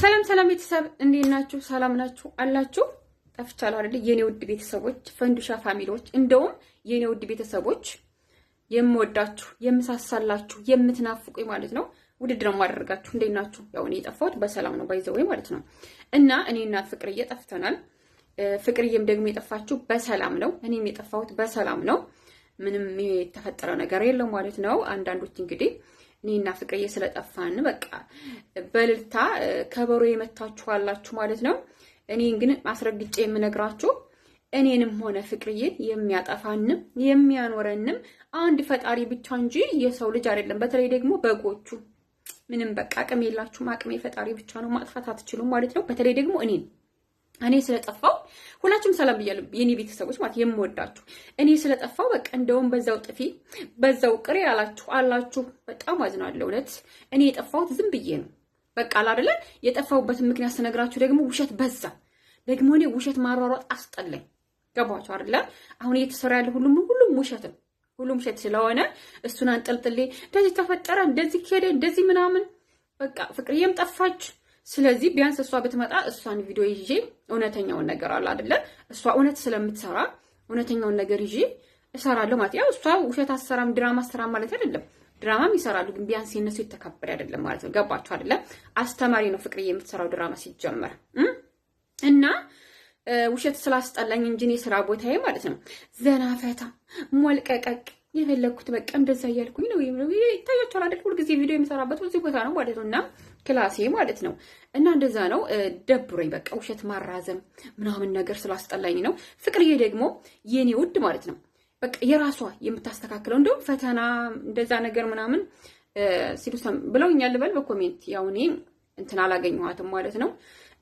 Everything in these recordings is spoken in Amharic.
ሰላም ሰላም ቤተሰብ እንዴት ናችሁ? ሰላም ናችሁ አላችሁ? ጠፍቻለሁ አይደል? የኔ ውድ ቤተሰቦች ፈንዱሻ ፋሚሊዎች፣ እንደውም የኔ ውድ ቤተሰቦች የምወዳችሁ የምሳሳላችሁ የምትናፍቁኝ ማለት ነው። ውድድር ማደርጋችሁ እንዴት ናችሁ? ያው እኔ የጠፋሁት በሰላም ነው ባይዘው ማለት ነው። እና እኔና ፍቅርዬ ጠፍተናል። ፍቅርዬም ደግሞ የጠፋችሁ በሰላም ነው። እኔም የጠፋሁት በሰላም ነው። ምንም የተፈጠረ ነገር የለም ማለት ነው። አንዳንዶች እንግዲህ እኔና ፍቅርዬ ስለጠፋን በቃ በልልታ ከበሮ የመታችኋላችሁ ማለት ነው። እኔን ግን አስረግጬ የምነግራችሁ እኔንም ሆነ ፍቅርዬን የሚያጠፋንም የሚያኖረንም አንድ ፈጣሪ ብቻ እንጂ የሰው ልጅ አይደለም። በተለይ ደግሞ በጎቹ ምንም በቃ አቅም የላችሁም። አቅሜ ፈጣሪ ብቻ ነው። ማጥፋት አትችሉም ማለት ነው። በተለይ ደግሞ እኔን እኔ ስለጠፋው ሁላችሁም ሰላም ብያሉ፣ የኔ ቤተሰቦች ማለት የምወዳችሁ። እኔ ስለጠፋው በቃ እንደውም በዛው ጥፊ በዛው ቅሬ አላችሁ አላችሁ። በጣም አዝናለሁ እውነት። እኔ የጠፋሁት ዝም ብዬ ነው በቃ አላደለ። የጠፋሁበትን ምክንያት ስነግራችሁ ደግሞ ውሸት በዛ። ደግሞ እኔ ውሸት ማሯሯጥ አስጠላኝ። ገባችሁ አደለ? አሁን እየተሰራ ያለ ሁሉም ሁሉም ውሸት ነው። ሁሉም ውሸት ስለሆነ እሱን አንጠልጥሌ እንደዚህ ተፈጠረ፣ እንደዚህ ሄደ፣ እንደዚህ ምናምን በቃ ፍቅርዬም ጠፋች ስለዚህ ቢያንስ እሷ ብትመጣ እሷን ቪዲዮ ይዤ እውነተኛውን ነገር አለ አይደለ? እሷ እውነት ስለምትሰራ እውነተኛውን ነገር ይዤ እሰራለሁ ማለት ያው እሷ ውሸት አሰራም ድራማ አሰራም ማለት አይደለም። ድራማም ይሰራሉ፣ ግን ቢያንስ የነሱ የተከበረ አይደለም ማለት ነው። ገባችሁ አይደለም? አስተማሪ ነው ፍቅር የምትሰራው ድራማ ሲጀመር እና ውሸት ስላስጠላኝ እንጂ እኔ ስራ ቦታዬ ማለት ነው ዘና ፈታ ሞልቀቀቅ የፈለግኩት በቃ እንደዛ እያልኩኝ ነው። ይታያቸዋል አይደል? ሁልጊዜ ቪዲዮ የምሰራበት እዚህ ቦታ ነው ማለት ነው እና ክላሴ ማለት ነው። እና እንደዛ ነው ደብሮኝ በቃ ውሸት ማራዘም ምናምን ነገር ስላስጠላኝ ነው። ፍቅርዬ ደግሞ የኔ ውድ ማለት ነው በቃ የራሷ የምታስተካክለው እንደውም ፈተና እንደዛ ነገር ምናምን ሲሉ ብለውኛል። ልበል በኮሜንት ያው እኔ እንትን አላገኘኋትም ማለት ነው።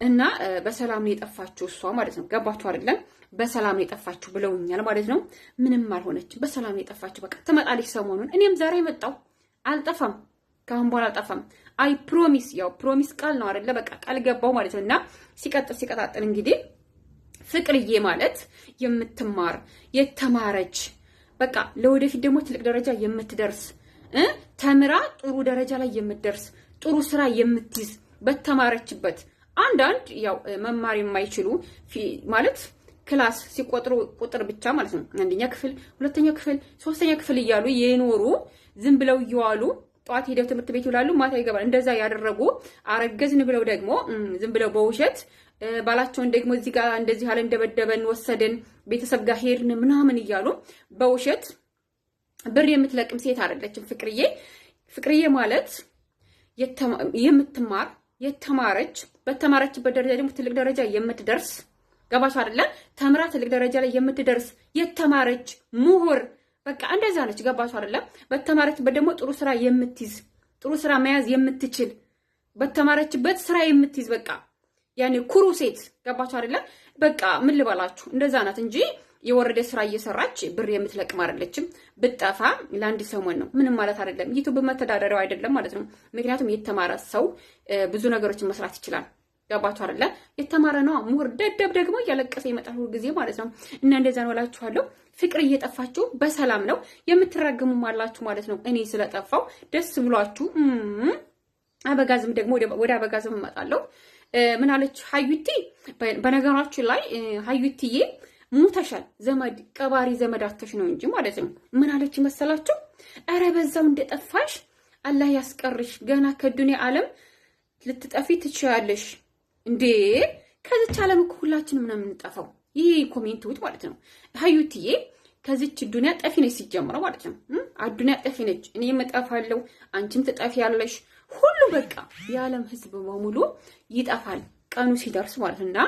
እና በሰላም ነው የጠፋችሁ እሷ ማለት ነው። ገባችሁ አይደለም? በሰላም ነው የጠፋችሁ ብለውኛል ማለት ነው። ምንም አልሆነችም። በሰላም ነው የጠፋችሁ። በቃ ትመጣለች ሰሞኑን። እኔም ዛሬ መጣው አልጠፋም። ከአሁን በኋላ አልጠፋም። አይ ፕሮሚስ፣ ያው ፕሮሚስ ቃል ነው አይደለ? በቃ ቃል ገባው ማለት ነው። እና ሲቀጥል ሲቀጣጥል እንግዲህ ፍቅርዬ ማለት የምትማር የተማረች በቃ ለወደፊት ደግሞ ትልቅ ደረጃ የምትደርስ ተምራ ጥሩ ደረጃ ላይ የምትደርስ ጥሩ ስራ የምትይዝ በተማረችበት አንዳንድ ያው መማር የማይችሉ ማለት ክላስ ሲቆጥሩ ቁጥር ብቻ ማለት ነው። አንደኛ ክፍል፣ ሁለተኛ ክፍል፣ ሶስተኛ ክፍል እያሉ የኖሩ ዝም ብለው እየዋሉ ጠዋት ሄደው ትምህርት ቤት ይውላሉ፣ ማታ ይገባል። እንደዛ ያደረጉ አረገዝን ብለው ደግሞ ዝም ብለው በውሸት ባላቸውን ደግሞ እዚህ ጋር እንደዚህ አለ እንደበደበን፣ ወሰደን፣ ቤተሰብ ጋር ሄድን ምናምን እያሉ በውሸት ብር የምትለቅም ሴት አይደለችም ፍቅርዬ። ፍቅርዬ ማለት የምትማር የተማረች በተማረችበት ደረጃ ደግሞ ትልቅ ደረጃ የምትደርስ ገባሽ አይደለም? ተምራ ትልቅ ደረጃ ላይ የምትደርስ የተማረች ምሁር በቃ እንደዛ ነች። ገባችሁ አይደለም? በተማረችበት ደግሞ ጥሩ ስራ የምትይዝ ጥሩ ስራ መያዝ የምትችል በተማረችበት ስራ የምትይዝ በቃ ያኔ ኩሩ ሴት ገባችሁ አይደለም? በቃ ምን ልበላችሁ እንደዛ ናት እንጂ የወረደ ስራ እየሰራች ብር የምትለቅም አይደለችም። ብጠፋ ለአንድ ሰሞን ነው ምንም ማለት አይደለም። ዩቱብ መተዳደሪያው አይደለም ማለት ነው። ምክንያቱም የተማረ ሰው ብዙ ነገሮችን መስራት ይችላል። ገባችሁ አይደለ? የተማረ ነው ምሁር ደደብ ደግሞ እያለቀሰ ይመጣል ሁል ጊዜ ማለት ነው። እና እንደዛ ነው እላችኋለሁ። ፍቅር እየጠፋችሁ በሰላም ነው የምትራገሙም አላችሁ ማለት ነው። እኔ ስለጠፋው ደስ ብሏችሁ አበጋዝም ደግሞ ወደ አበጋዝም እመጣለሁ። ምን አለች ሀዩቲ? በነገራችሁ ላይ ሀዩቲዬ ሙተሻል። ዘመድ ቀባሪ ዘመድ አተሽ ነው እንጂ ማለት ነው። ምን አለች መሰላችሁ? እረ በዛው እንደጠፋሽ አላህ ያስቀርሽ። ገና ከዱንያ ዓለም ልትጠፊ ትችያለሽ። እንዴ ከዚች ዓለም እኮ ሁላችን ምና የምንጠፋው ይሄ ኮሜንቶች ማለት ነው። ሀዩትዬ ከዚች ዱኒያ ጠፊ ነች ሲጀምረው ማለት ነው። አዱኒያ ጠፊ ነች። እኔ እጠፋለሁ፣ አንቺም ትጠፊያለሽ። ሁሉ በቃ የዓለም ህዝብ በሙሉ ይጠፋል ቀኑ ሲደርስ ማለት እና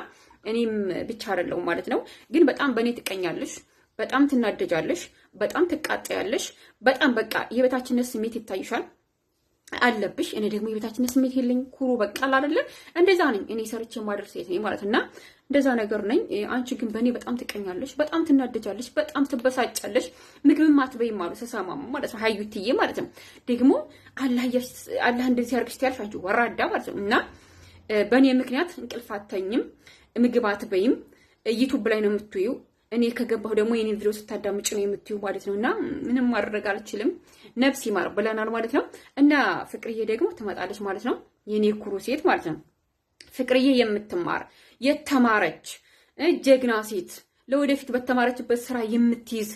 እኔም ብቻ አደለው ማለት ነው። ግን በጣም በእኔ ትቀኛለሽ፣ በጣም ትናደጃለሽ፣ በጣም ትቃጠያለሽ፣ በጣም በቃ የበታችነት ስሜት ይታይሻል። አለብሽ። እኔ ደግሞ የቤታችን ስሜት የለኝ ኩሩ በቃል አይደለ እንደዛ ነኝ እኔ ሰርቼ የማደርስ ሴት ነኝ ማለት እና እንደዛ ነገር ነኝ። አንቺ ግን በእኔ በጣም ትቀኛለሽ፣ በጣም ትናደጃለሽ፣ በጣም ትበሳጫለሽ። ምግብም አትበይም ማሉ ስሰማሙ ማለት ነው። ሀዩትዬ ማለት ነው ደግሞ አላህ እንደዚህ ያርግሽ ትያለሽ አንቺ ወራዳ ማለት ነው እና በእኔ ምክንያት እንቅልፍ አተኝም፣ ምግብ አትበይም፣ ዩቱብ ላይ ነው የምትዩ። እኔ ከገባሁ ደግሞ የኔ ቪዲዮ ስታዳምጭ ነው የምትዩ ማለት ነው እና ምንም ማድረግ አልችልም። ነብስ ይማር ብለናል ማለት ነው። እና ፍቅርዬ ደግሞ ትመጣለች ማለት ነው። የኔ ኩሩ ሴት ማለት ነው። ፍቅርዬ የምትማር የተማረች ጀግና ሴት ለወደፊት በተማረችበት ስራ የምትይዝ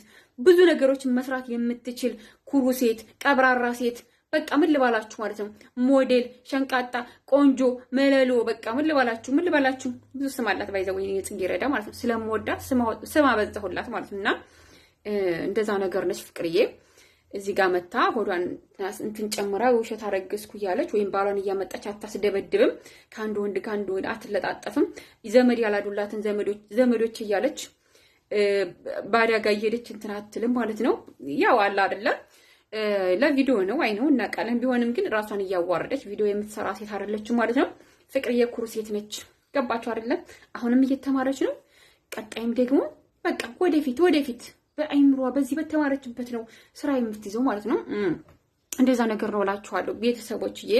ብዙ ነገሮችን መስራት የምትችል ኩሩ ሴት፣ ቀብራራ ሴት በቃ ምን ልባላችሁ ማለት ነው። ሞዴል፣ ሸንቃጣ፣ ቆንጆ፣ መለሎ በቃ ምን ልባላችሁ ምን ልባላችሁ። ብዙ ስም አላት ባይዘው የጽጌ ረዳ ማለት ነው። ስለምወዳት ስም አበዛሁላት ማለት ነው እና እንደዛ ነገር ነች ፍቅርዬ። እዚህ ጋር መታ ሆዷን እንትን ጨምራ ውሸት አረገዝኩ እያለች ወይም ባሏን እያመጣች አታስደበድብም። ከአንድ ወንድ ከአንድ ወንድ አትለጣጠፍም። ዘመድ ያላዱላትን ዘመዶች እያለች ባዳ ጋር እየሄደች እንትን አትልም ማለት ነው። ያው አለ አደለ ለቪዲዮ ነው አይ ነው እናውቃለን። ቢሆንም ግን ራሷን እያዋረደች ቪዲዮ የምትሰራ ሴት አደለችም ማለት ነው። ፍቅር ኩሩ ሴት ነች። ገባችሁ አደለ አሁንም እየተማረች ነው። ቀጣይም ደግሞ በቃ ወደፊት ወደፊት በአይምሯ በዚህ በተማረችበት ነው ስራ የምትይዘው ማለት ነው። እንደዛ ነገር ነው እላችኋለሁ ቤተሰቦችዬ።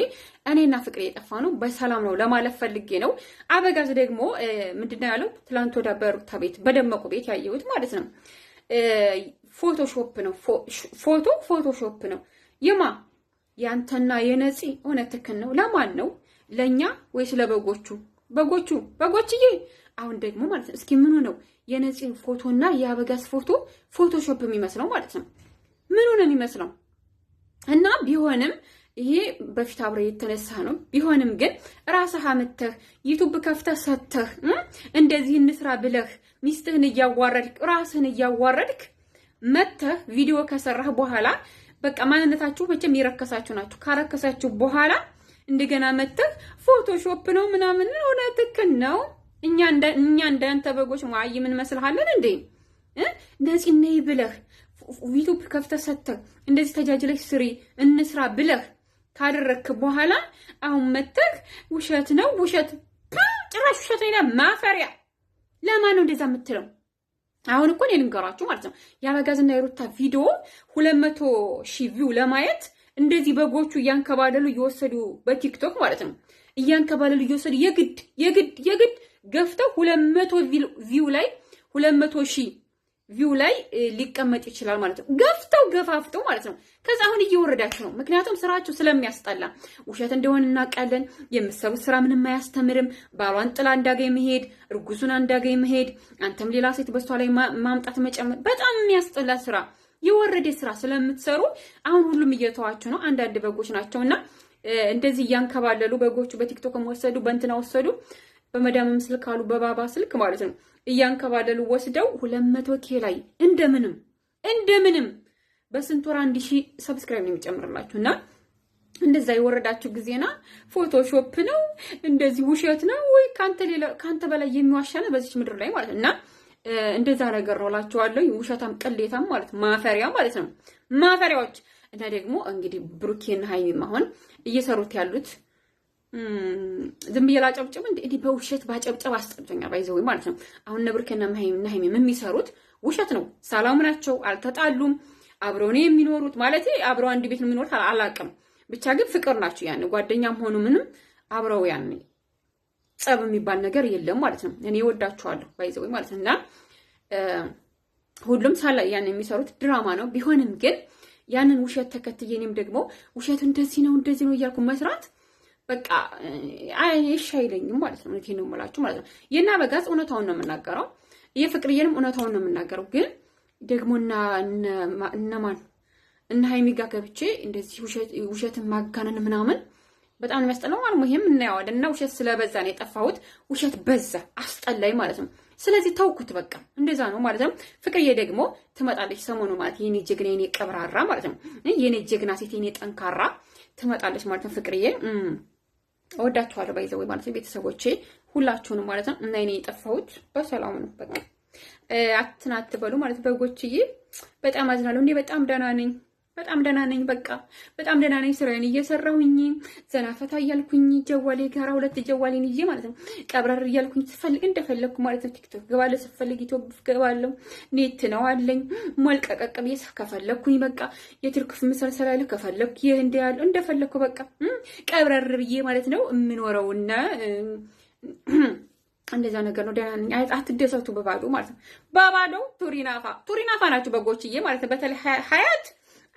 እኔና ፍቅር የጠፋ ነው በሰላም ነው ለማለፍ ፈልጌ ነው። አበጋዝ ደግሞ ምንድነው ያለው? ትላንት ወደ በሩታ ቤት በደመቁ ቤት ያየሁት ማለት ነው ፎቶሾፕ ነው ፎቶ ፎቶሾፕ ነው። የማ ያንተና የነፂ እውነት ነው። ለማን ነው ለእኛ ወይስ ለበጎቹ? በጎቹ በጎችዬ፣ አሁን ደግሞ ማለት ነው እስኪ ምኑ ነው የነፂን እና የአበጋዝ ፎቶ ፎቶሾፕ የሚመስለው ማለት ነው። ምኑ ነው የሚመስለው? እና ቢሆንም ይሄ በፊት አብረ የተነሳ ነው። ቢሆንም ግን ራስህ አምተህ ዩቱብ ከፍተህ ሰተህ እንደዚህ እንስራ ብለህ ሚስትህን እያዋረድክ ራስህን እያዋረድክ መተህ ቪዲዮ ከሰራህ በኋላ በቃ ማንነታችሁ መቼም የረከሳችሁ ናችሁ። ካረከሳችሁ በኋላ እንደገና መጥተህ ፎቶሾፕ ነው ምናምን ሆነ ትክክል ነው። እኛ እንደ እኛ እንዳንተ በጎች ማይ ምን መስልሃለን እንዴ? እንደዚህ ነይ ብለህ ዩቲዩብ ከፍተህ ሰተህ እንደዚህ ተጃጅለሽ ስሪ እንስራ ብለህ ካደረክ በኋላ አሁን መጥተህ ውሸት ነው ውሸት ጭራሽ ውሸት ነው ማፈሪያ። ለማን ነው እንደዛ የምትለው? አሁን እኮ እኔ ልንገራችሁ ማለት ነው የአበጋዝና የሩታ ቪዲዮ ሁለት መቶ ሺህ ቪው ለማየት እንደዚህ በጎቹ እያንከባለሉ እየወሰዱ በቲክቶክ ማለት ነው እያንከባለሉ እየወሰዱ የግድ የግድ የግድ ገፍተው ሁለት መቶ ቪው ላይ ሁለት መቶ ሺህ ቪው ላይ ሊቀመጥ ይችላል ማለት ነው። ገፍተው ገፋፍተው ማለት ነው። ከዛ አሁን እየወረዳችሁ ነው። ምክንያቱም ስራችሁ ስለሚያስጠላ ውሸት እንደሆነ እናውቃለን። የምትሰሩት ስራ ምንም አያስተምርም። ባሏን ጥላ እንዳገኝ መሄድ፣ እርጉዙን እንዳገኝ መሄድ፣ አንተም ሌላ ሴት በስቷ ላይ ማምጣት መጨመር፣ በጣም የሚያስጠላ ስራ የወረደ ስራ ስለምትሰሩ አሁን ሁሉም እየተዋችሁ ነው። አንዳንድ በጎች ናቸው እና እንደዚህ እያንከባለሉ በጎቹ በቲክቶክም ወሰዱ፣ በእንትና ወሰዱ፣ በመዳምም ስልክ አሉ፣ በባባ ስልክ ማለት ነው። እያንከባለሉ ወስደው ሁለት መቶ ኬ ላይ እንደምንም እንደምንም በስንት ወር አንድ ሺህ ሰብስክራይብ ነው የሚጨምርላችሁ እና እንደዛ የወረዳችሁ ጊዜና ፎቶሾፕ ነው እንደዚህ ውሸት ነው ወይ ከአንተ በላይ የሚዋሻ ነው በዚች ምድር ላይ ማለት እና እንደዛ ነገር ነው እላቸዋለሁ። ውሸታም ቅሌታም ማለት ማፈሪያ ማለት ነው። ማፈሪያዎች እና ደግሞ እንግዲህ ብሩኬን ሀይሚም አሁን እየሰሩት ያሉት ዝም ብዬ ላጨብጭብ እንደ እኔ በውሸት ባጨብጨብ አስጠብቶኛል። ባይዘው ማለት ነው። አሁን እነ ሀይሚና ሀይሚም የሚሰሩት ውሸት ነው። ሰላም ናቸው፣ አልተጣሉም። አብረው ነው የሚኖሩት ማለት አብረው አንድ ቤት ነው የሚኖሩት። አላቅም ብቻ ግን ፍቅር ናቸው። ያን ጓደኛም ሆኑ ምንም አብረው ያን ጸብ የሚባል ነገር የለም ማለት ነው። እኔ ወዳችኋለሁ ባይዘው ማለት ነው እና ሁሉም ሳላ ያን የሚሰሩት ድራማ ነው። ቢሆንም ግን ያንን ውሸት ተከትዬ እኔም ደግሞ ውሸቱ እንደዚህ ነው እንደዚህ ነው እያልኩ መስራት በቃ እሺ አይለኝም ማለት ነው። እውነቴን ነው የምላችሁ ማለት ነው። የእነ አበጋዝ እውነታውን ነው የምናገረው። የፍቅርዬንም እውነታውን ነው የምናገረው። ግን ደግሞ እነማን እነ ሀይሚ ጋ ገብቼ እንደዚህ ውሸትን ማጋነን ምናምን በጣም የሚያስጠላው ማለት ነው። ይህም እናየዋለን እና ውሸት ስለበዛ ነው የጠፋሁት። ውሸት በዛ አስጠላኝ ማለት ነው። ስለዚህ ተውኩት በቃ እንደዛ ነው ማለት ነው። ፍቅርዬ ደግሞ ትመጣለች ሰሞኑ ማለት የኔ ጀግና የኔ ቀብራራ ማለት ነው። የኔ ጀግና ሴት የኔ ጠንካራ ትመጣለች ማለት ነው። ፍቅርዬ እወዳችኋለሁ ባይዘወይ ማለት ነው። ቤተሰቦቼ ሁላችሁንም ማለት ነው እና የኔ የጠፋሁት በሰላም ነው በቃ አትናትበሉ ማለት በጎችዬ፣ በጣም አዝናለሁ። እኔ በጣም ደህና ነኝ። በጣም ደህና ነኝ። በቃ በጣም ደህና ነኝ። ስራዬን እየሰራሁኝ ዘና ፈታ እያልኩኝ ጀዋሌ ጋራ ሁለት ጀዋሌን ይዤ ማለት ነው ቀብረር እያልኩኝ ስፈልግ እንደፈለግኩ ማለት ነው። ቲክቶክ ገባለሁ፣ ስፈልግ ዩቲዩብ ገባለሁ። ኔት ነው አለኝ ሞልቀቀቅ ብዬ ከፈለግኩኝ በቃ የትርክፍ ምሰልሰላ አለ ከፈለግኩ ይህ እንደ ያለው እንደፈለግኩ በቃ ቀብረር ብዬ ማለት ነው የምኖረውና እንደዛ ነገር ነው። ደህና ነኝ። አትደሰቱ በባዶ ማለት ነው። በባዶ ቱሪናፋ ቱሪናፋ ናቸው በጎችዬ ማለት ነው። በተለይ ሀያት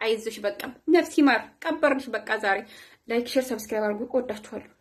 አይዞሽ፣ በቃ ነፍሲ ማር ቀበርንሽ። በቃ ዛሬ ላይክ፣ ሼር፣ ሰብስክራይብ አድርጉ። እወዳችኋለሁ።